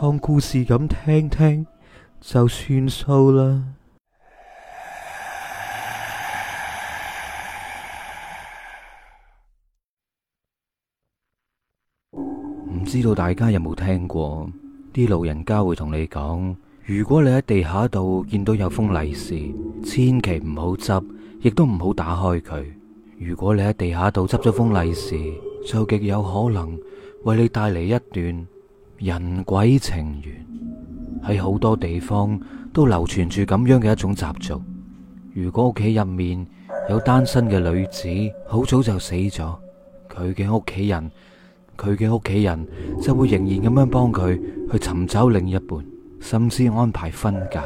當故事咁聽聽就算數啦。唔知道大家有冇聽過啲老人家會同你講，如果你喺地下度見到有封利是，千祈唔好執，亦都唔好打開佢。如果你喺地下度執咗封利是，就極有可能為你帶嚟一段。人鬼情緣。喺好多地方都流傳住咁樣嘅一種習俗。如果屋企入面有單身嘅女子好早就死咗，佢嘅屋企人，佢嘅屋企人就會仍然咁樣幫佢去尋找另一半，甚至安排婚嫁。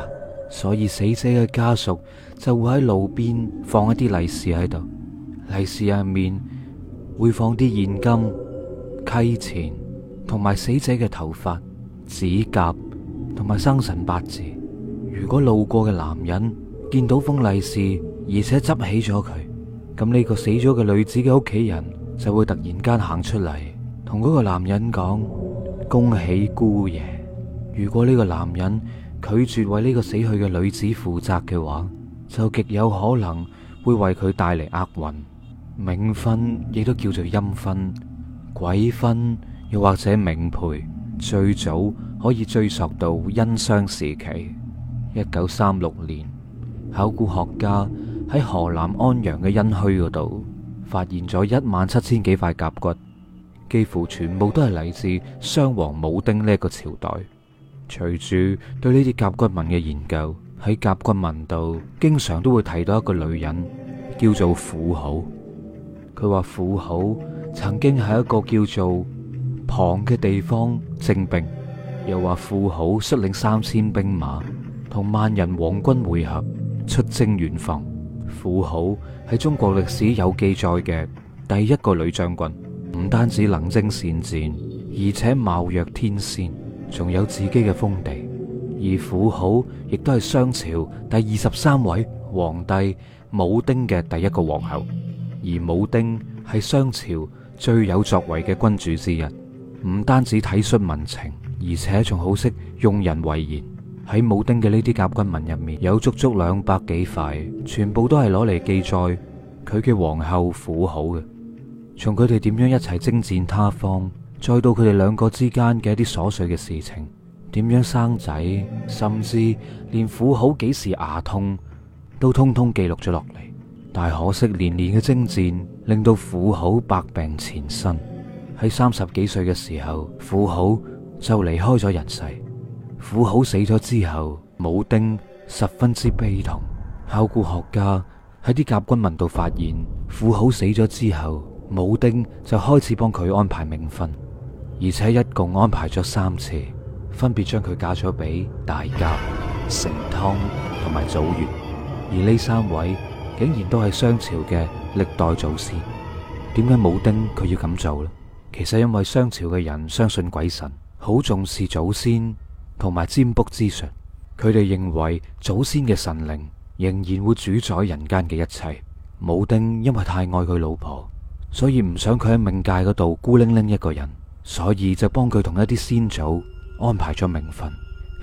所以死者嘅家屬就會喺路邊放一啲利是喺度，利是入面會放啲現金、溪錢。同埋死者嘅頭髮、指甲同埋生辰八字。如果路過嘅男人見到封利是，而且執起咗佢，咁呢個死咗嘅女子嘅屋企人就會突然間行出嚟，同嗰個男人講恭喜姑爺。如果呢個男人拒絕為呢個死去嘅女子負責嘅話，就極有可能會為佢帶嚟厄運。冥婚亦都叫做陰婚、鬼婚。又或者冥配最早可以追溯到殷商時期，一九三六年，考古學家喺河南安陽嘅殷墟嗰度發現咗一萬七千幾塊甲骨，幾乎全部都係嚟自商王武丁呢一個朝代。隨住對呢啲甲骨文嘅研究，喺甲骨文度經常都會睇到一個女人，叫做婦好。佢話婦好曾經係一個叫做旁嘅地方徵兵，又話婦好率領三千兵馬同萬人皇軍會合出征遠方。婦好係中國歷史有記載嘅第一個女將軍，唔單止能征善戰，而且貌若天仙，仲有自己嘅封地。而婦好亦都係商朝第二十三位皇帝武丁嘅第一個皇后，而武丁係商朝最有作為嘅君主之一。唔單止體恤民情，而且仲好識用人為賢。喺武丁嘅呢啲甲骨文入面，有足足兩百幾塊，全部都係攞嚟記載佢嘅皇后婦好嘅。從佢哋點樣一齊征戰他方，再到佢哋兩個之間嘅一啲瑣碎嘅事情，點樣生仔，甚至連婦好幾時牙痛，都通通記錄咗落嚟。但係可惜，年年嘅征戰令到婦好百病纏身。喺三十幾歲嘅時候，婦好就離開咗人世。婦好死咗之後，武丁十分之悲痛。考古學家喺啲甲骨文度發現，婦好死咗之後，武丁就開始幫佢安排冥婚，而且一共安排咗三次，分別將佢嫁咗俾大甲、成湯同埋祖乙。而呢三位竟然都係商朝嘅歷代祖先，點解武丁佢要咁做呢？其實因為商朝嘅人相信鬼神，好重視祖先同埋占卜之術。佢哋認為祖先嘅神靈仍然會主宰人間嘅一切。武丁因為太愛佢老婆，所以唔想佢喺冥界嗰度孤零零一個人，所以就幫佢同一啲先祖安排咗名分，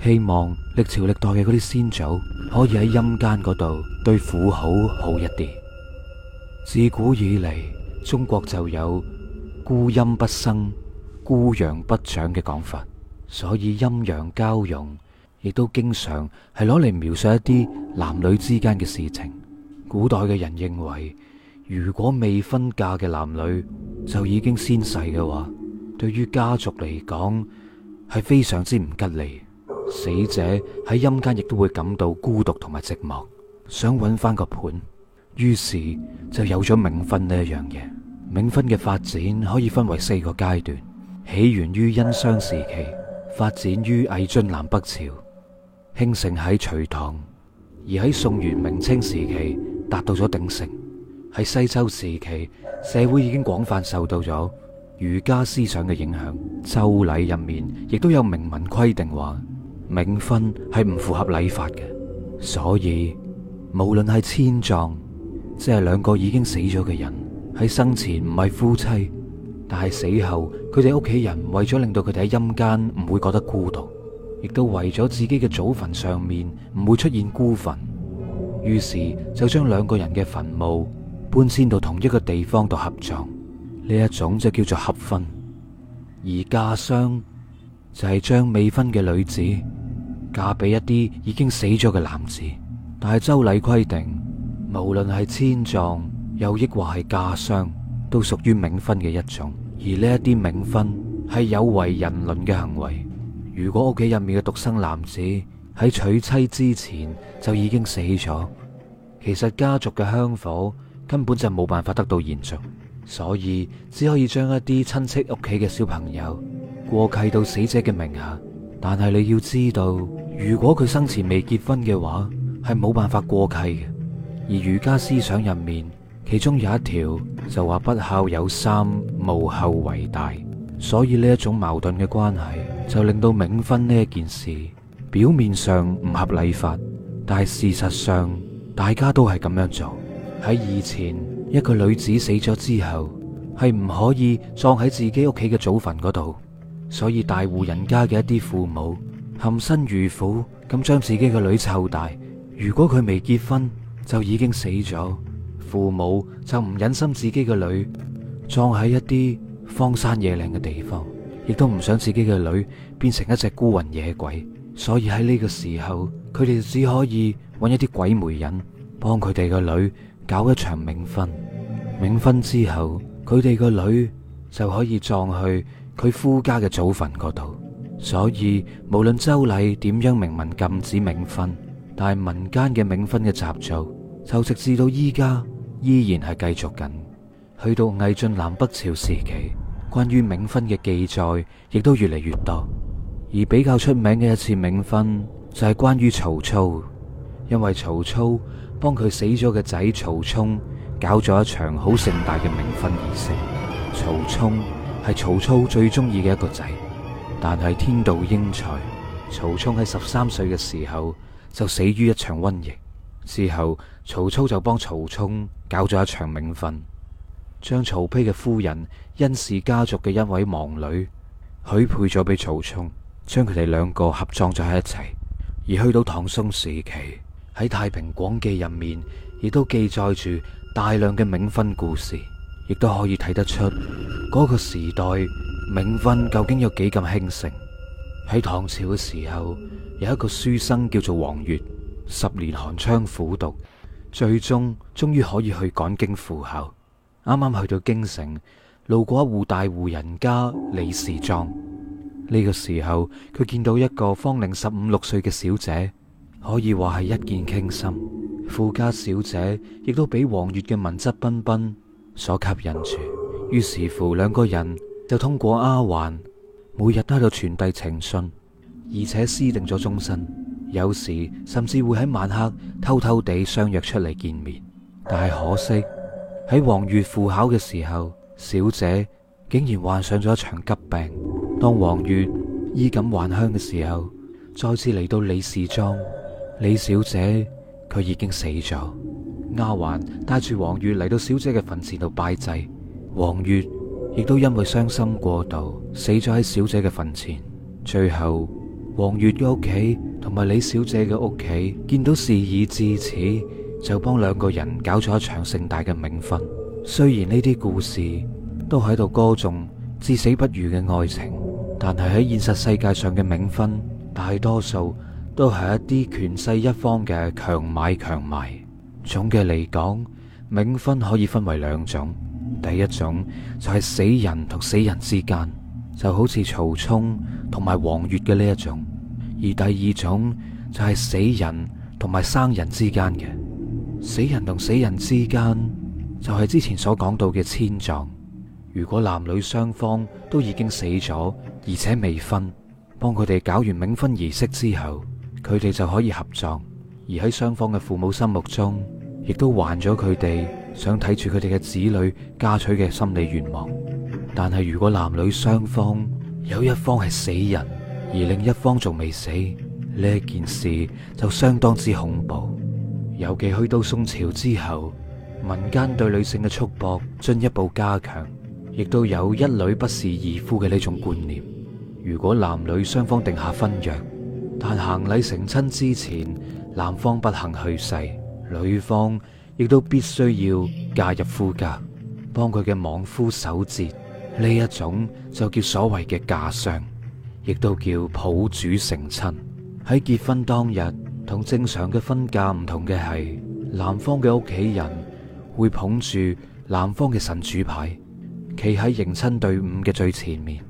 希望歷朝歷代嘅嗰啲先祖可以喺陰間嗰度對婦好好一啲。自古以嚟，中國就有。孤陰不生，孤陽不長嘅講法，所以陰陽交融亦都經常係攞嚟描述一啲男女之間嘅事情。古代嘅人認為，如果未婚嫁嘅男女就已經先逝嘅話，對於家族嚟講係非常之唔吉利。死者喺陰間亦都會感到孤獨同埋寂寞，想揾翻個伴，於是就有咗冥婚呢一樣嘢。冥婚嘅發展可以分為四個階段，起源於殷商時期，發展於魏晉南北朝，興盛喺隋唐，而喺宋元明清時期達到咗鼎盛。喺西周時期，社會已經廣泛受到咗儒家思想嘅影響，周禮入面亦都有明文規定話，冥婚係唔符合禮法嘅。所以，無論係遷葬，即係兩個已經死咗嘅人。喺生前唔係夫妻，但係死後佢哋屋企人為咗令到佢哋喺陰間唔會覺得孤獨，亦都為咗自己嘅祖墳上面唔會出現孤墳，於是就將兩個人嘅墳墓搬遷到同一個地方度合葬，呢一種就叫做合婚；而嫁殤就係將未婚嘅女子嫁俾一啲已經死咗嘅男子，但係周禮規定，無論係遷葬。又抑或係嫁傷，都屬於冥婚嘅一種。而呢一啲冥婚係有違人倫嘅行為。如果屋企入面嘅獨生男子喺娶妻之前就已經死咗，其實家族嘅香火根本就冇辦法得到延續，所以只可以將一啲親戚屋企嘅小朋友過契到死者嘅名下。但係你要知道，如果佢生前未結婚嘅話，係冇辦法過契嘅。而儒家思想入面。其中有一條就話不孝有三，無後為大，所以呢一種矛盾嘅關係就令到冥婚呢一件事表面上唔合理法，但係事實上大家都係咁樣做。喺以前，一個女子死咗之後，係唔可以葬喺自己屋企嘅祖墳嗰度，所以大戶人家嘅一啲父母含辛茹苦咁將自己嘅女湊大，如果佢未結婚就已經死咗。父母就唔忍心自己嘅女葬喺一啲荒山野嶺嘅地方，亦都唔想自己嘅女變成一隻孤魂野鬼，所以喺呢個時候，佢哋只可以揾一啲鬼媒人幫佢哋嘅女搞一場冥婚。冥婚之後，佢哋個女就可以葬去佢夫家嘅祖墳嗰度。所以無論周禮點樣明文禁止冥婚，但係民間嘅冥婚嘅習俗就直至到依家。依然係繼續緊，去到魏晉南北朝時期，關於冥婚嘅記載亦都越嚟越多。而比較出名嘅一次冥婚，就係關於曹操，因為曹操幫佢死咗嘅仔曹沖搞咗一場好盛大嘅冥婚儀式。曹沖係曹操最中意嘅一個仔，但係天妒英才，曹沖喺十三歲嘅時候就死於一場瘟疫。之後，曹操就幫曹沖搞咗一場冥婚。將曹丕嘅夫人，甄氏家族嘅一位亡女，許配咗俾曹沖，將佢哋兩個合葬咗喺一齊。而去到唐宋時期，喺《太平廣記》入面，亦都記載住大量嘅冥婚故事，亦都可以睇得出嗰、那個時代冥婚究竟有幾咁興盛。喺唐朝嘅時候，有一個書生叫做王月。十年寒窗苦讀，最終終於可以去趕京赴考。啱啱去到京城，路過一戶大戶人家李氏莊，呢個時候佢見到一個芳齡十五六歲嘅小姐，可以話係一見傾心。富家小姐亦都俾黃月嘅文質彬彬所吸引住，於是乎兩個人就通過丫鬟，每日都喺度傳遞情信，而且私定咗終身。有時甚至會喺晚黑偷偷地相約出嚟見面，但係可惜喺黃月赴考嘅時候，小姐竟然患上咗一場急病。當黃月衣錦還鄉嘅時候，再次嚟到李氏莊，李小姐佢已經死咗。丫鬟帶住黃月嚟到小姐嘅墳前度拜祭，黃月亦都因為傷心過度死咗喺小姐嘅墳前，最後。王月嘅屋企同埋李小姐嘅屋企，見到事已至此，就幫兩個人搞咗一場盛大嘅冥婚。雖然呢啲故事都喺度歌頌至死不渝嘅愛情，但係喺現實世界上嘅冥婚，大多數都係一啲權勢一方嘅強買強賣。總嘅嚟講，冥婚可以分為兩種，第一種就係死人同死人之間。就好似曹沖同埋王月嘅呢一種，而第二種就係死人同埋生人之間嘅。死人同死人之間就係、是、之前所講到嘅遷葬。如果男女雙方都已經死咗，而且未婚，幫佢哋搞完冥婚儀式之後，佢哋就可以合葬，而喺雙方嘅父母心目中，亦都還咗佢哋想睇住佢哋嘅子女嫁娶嘅心理願望。但係如果男女雙方有一方係死人，而另一方仲未死，呢件事就相當之恐怖。尤其去到宋朝之後，民間對女性嘅束縛進一步加強，亦都有一女不侍二夫嘅呢種觀念。如果男女雙方定下婚約，但行禮成親之前，男方不幸去世，女方亦都必須要嫁入夫家，幫佢嘅亡夫守節。呢一種就叫所謂嘅嫁殤，亦都叫抱主成親。喺結婚當日，同正常嘅婚嫁唔同嘅係，男方嘅屋企人會捧住男方嘅神主牌，企喺迎親隊伍嘅最前面。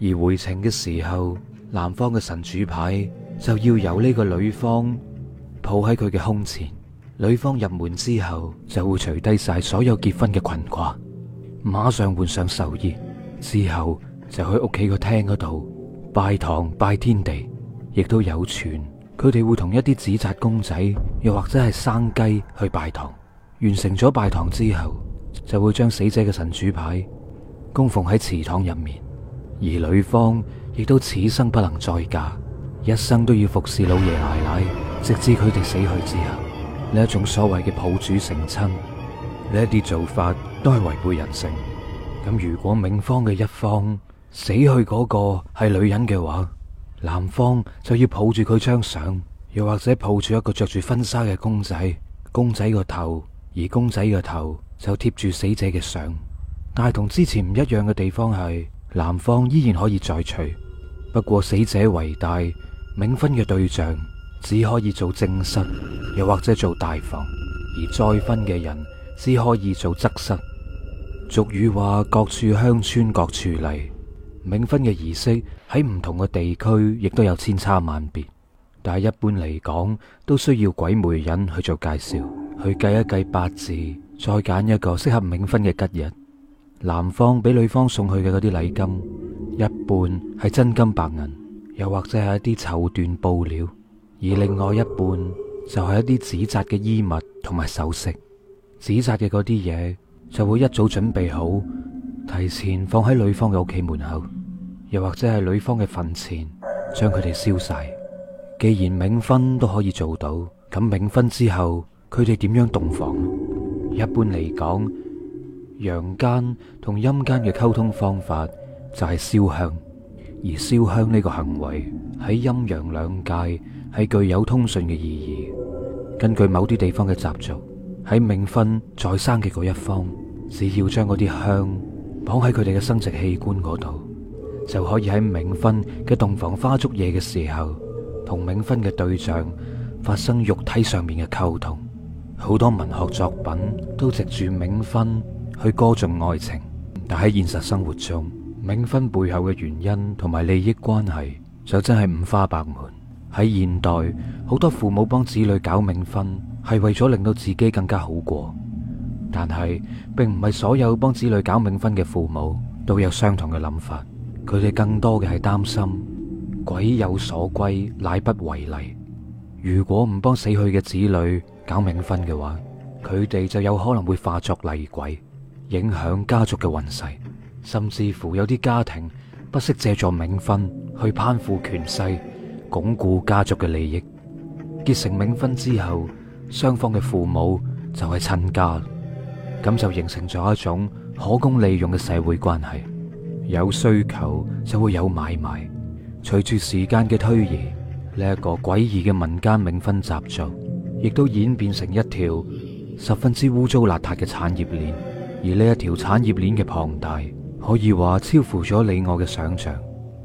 而回程嘅時候，男方嘅神主牌就要由呢個女方抱喺佢嘅胸前。女方入門之後，就會除低晒所有結婚嘅裙褂，馬上換上壽衣。之後就喺屋企個廳嗰度拜堂、拜天地，亦都有傳。佢哋會同一啲紙紮公仔，又或者係生雞去拜堂。完成咗拜堂之後，就會將死者嘅神主牌供奉喺祠堂入面。而女方亦都此生不能再嫁，一生都要服侍老爺奶奶，直至佢哋死去之後。呢一種所謂嘅抱主成親，呢一啲做法都係違背人性。咁如果冥婚嘅一方死去嗰個係女人嘅話，男方就要抱住佢張相，又或者抱住一個着住婚紗嘅公仔，公仔個頭而公仔個頭就貼住死者嘅相。但係同之前唔一樣嘅地方係，男方依然可以再娶，不過死者為大，冥婚嘅對象只可以做正室，又或者做大房，而再婚嘅人只可以做側室。俗語話各處鄉村各處嚟，冥婚嘅儀式喺唔同嘅地區亦都有千差萬別。但係一般嚟講，都需要鬼媒人去做介紹，去計一計八字，再揀一個適合冥婚嘅吉日。男方俾女方送去嘅嗰啲禮金，一半係真金白銀，又或者係一啲綢緞布料，而另外一半就係一啲紙紮嘅衣物同埋首飾。紙紮嘅嗰啲嘢，就會一早準備好，提前放喺女方嘅屋企門口，又或者係女方嘅墳前，將佢哋燒晒。既然冥婚都可以做到，咁冥婚之後，佢哋點樣洞房？一般嚟講，陽間同陰間嘅溝通方法就係燒香，而燒香呢個行為喺陰陽兩界係具有通訊嘅意義。根據某啲地方嘅習俗。喺冥婚在生嘅嗰一方，只要將嗰啲香綁喺佢哋嘅生殖器官嗰度，就可以喺冥婚嘅洞房花燭夜嘅時候，同冥婚嘅對象發生肉體上面嘅溝通。好多文學作品都藉住冥婚去歌頌愛情，但喺現實生活中，冥婚背後嘅原因同埋利益關係就真係五花八門。喺現代，好多父母幫子女搞冥婚，係為咗令到自己更加好過，但係並唔係所有幫子女搞冥婚嘅父母都有相同嘅諗法。佢哋更多嘅係擔心鬼有所歸，乃不為厲。如果唔幫死去嘅子女搞冥婚嘅話，佢哋就有可能會化作厲鬼，影響家族嘅運勢，甚至乎有啲家庭不惜借助冥婚去攀附權勢，鞏固家族嘅利益。結成冥婚之後，雙方嘅父母就係親家，咁就形成咗一種可供利用嘅社會關係。有需求就會有買賣。隨住時間嘅推移，呢一個詭異嘅民間冥婚習俗，亦都演變成一條十分之污糟邋遢嘅產業鏈。而呢一條產業鏈嘅龐大，可以話超乎咗你我嘅想象。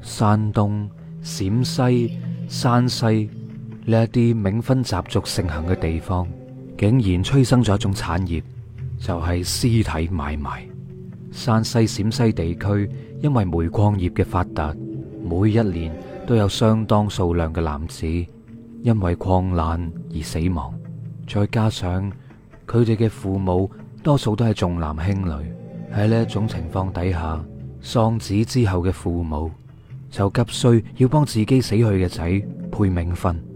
山東、陝西、山西。呢一啲冥婚習俗盛行嘅地方，竟然催生咗一種產業，就係屍體買賣。山西、陝西地區因為煤礦業嘅發達，每一年都有相當數量嘅男子因為礦難而死亡。再加上佢哋嘅父母多數都係重男輕女，喺呢一種情況底下，喪子之後嘅父母就急需要幫自己死去嘅仔配冥婚。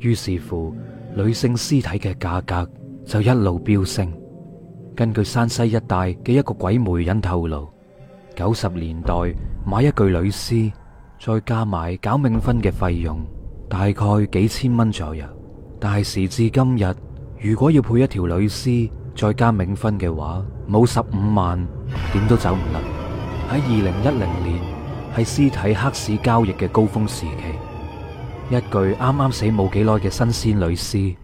於是乎，女性屍體嘅價格就一路飆升。根據山西一帶嘅一個鬼媒人透露，九十年代買一具女屍，再加埋搞冥婚嘅費用，大概幾千蚊左右。但係時至今日，如果要配一條女屍，再加冥婚嘅話，冇十五萬點都走唔甩。喺二零一零年，係屍體黑市交易嘅高峰時期。一具啱啱死冇幾耐嘅新鮮女屍，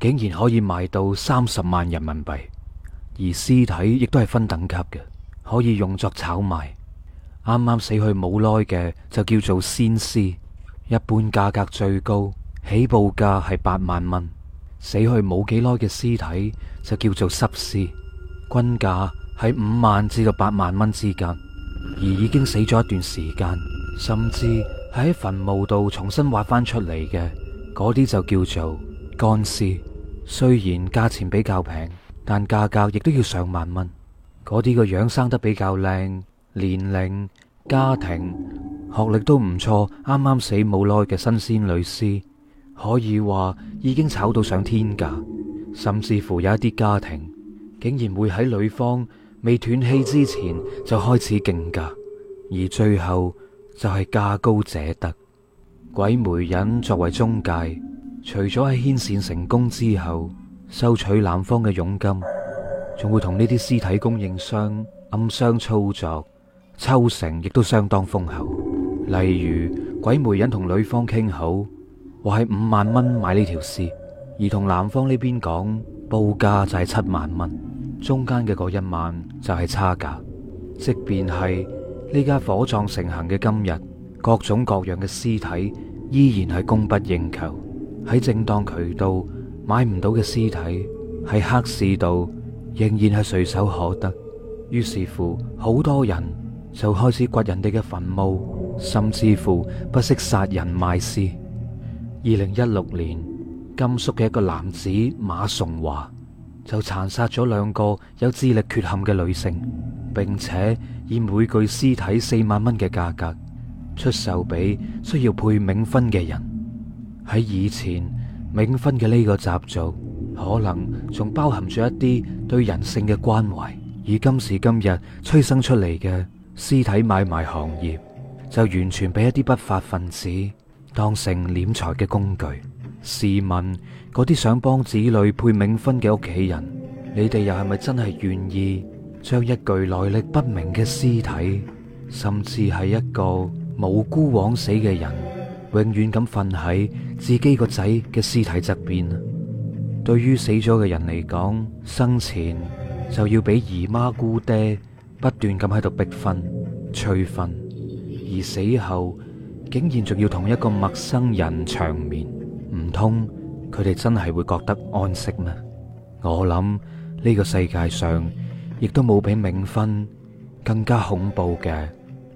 竟然可以賣到三十萬人民幣。而屍體亦都係分等級嘅，可以用作炒賣。啱啱死去冇耐嘅就叫做鮮屍，一般價格最高，起步價係八萬蚊。死去冇幾耐嘅屍體就叫做濕屍，均價喺五萬至到八萬蚊之間。而已經死咗一段時間，甚至……喺墳墓度重新挖翻出嚟嘅，嗰啲就叫做乾屍，雖然價錢比較平，但價格亦都要上萬蚊。嗰啲個樣生得比較靚，年齡、家庭、學歷都唔錯，啱啱死冇耐嘅新鮮女屍，可以話已經炒到上天價，甚至乎有一啲家庭竟然會喺女方未斷氣之前就開始競價，而最後。就係價高者得。鬼媒人作為中介，除咗喺牽線成功之後收取男方嘅佣金，仲會同呢啲屍體供應商暗箱操作，抽成亦都相當豐厚。例如，鬼媒人同女方傾好話係五萬蚊買呢條屍，而同男方呢邊講報價就係七萬蚊，中間嘅嗰一萬就係差價。即便係。呢家火葬盛行嘅今日，各種各樣嘅屍體依然係供不應求，喺正當渠道買唔到嘅屍體，喺黑市度仍然係隨手可得。於是乎，好多人就開始掘人哋嘅墳墓，甚至乎不惜殺人賣屍。二零一六年，甘肅嘅一個男子馬崇華。就殘殺咗兩個有智力缺陷嘅女性，並且以每具屍體四萬蚊嘅價格出售俾需要配冥婚嘅人。喺以前，冥婚嘅呢個習俗可能仲包含住一啲對人性嘅關懷，而今時今日催生出嚟嘅屍體買賣行業，就完全俾一啲不法分子當成斂財嘅工具。試問嗰啲想幫子女配冥婚嘅屋企人，你哋又係咪真係願意將一具來歷不明嘅屍體，甚至係一個無辜枉死嘅人，永遠咁瞓喺自己個仔嘅屍體側邊啊？對於死咗嘅人嚟講，生前就要俾姨媽姑爹不斷咁喺度逼婚催婚，而死後竟然仲要同一個陌生人長眠。通佢哋真係會覺得安息咩？我諗呢個世界上亦都冇比冥婚更加恐怖嘅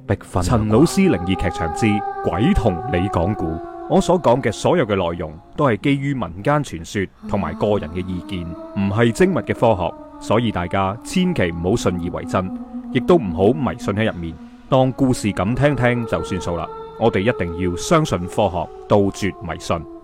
逼婚。陳老師靈異劇場之「鬼同你講古」，我所講嘅所有嘅內容都係基於民間傳說同埋個人嘅意見，唔係精密嘅科學，所以大家千祈唔好信以為真，亦都唔好迷信喺入面，當故事咁聽聽就算數啦。我哋一定要相信科學，杜絕迷信。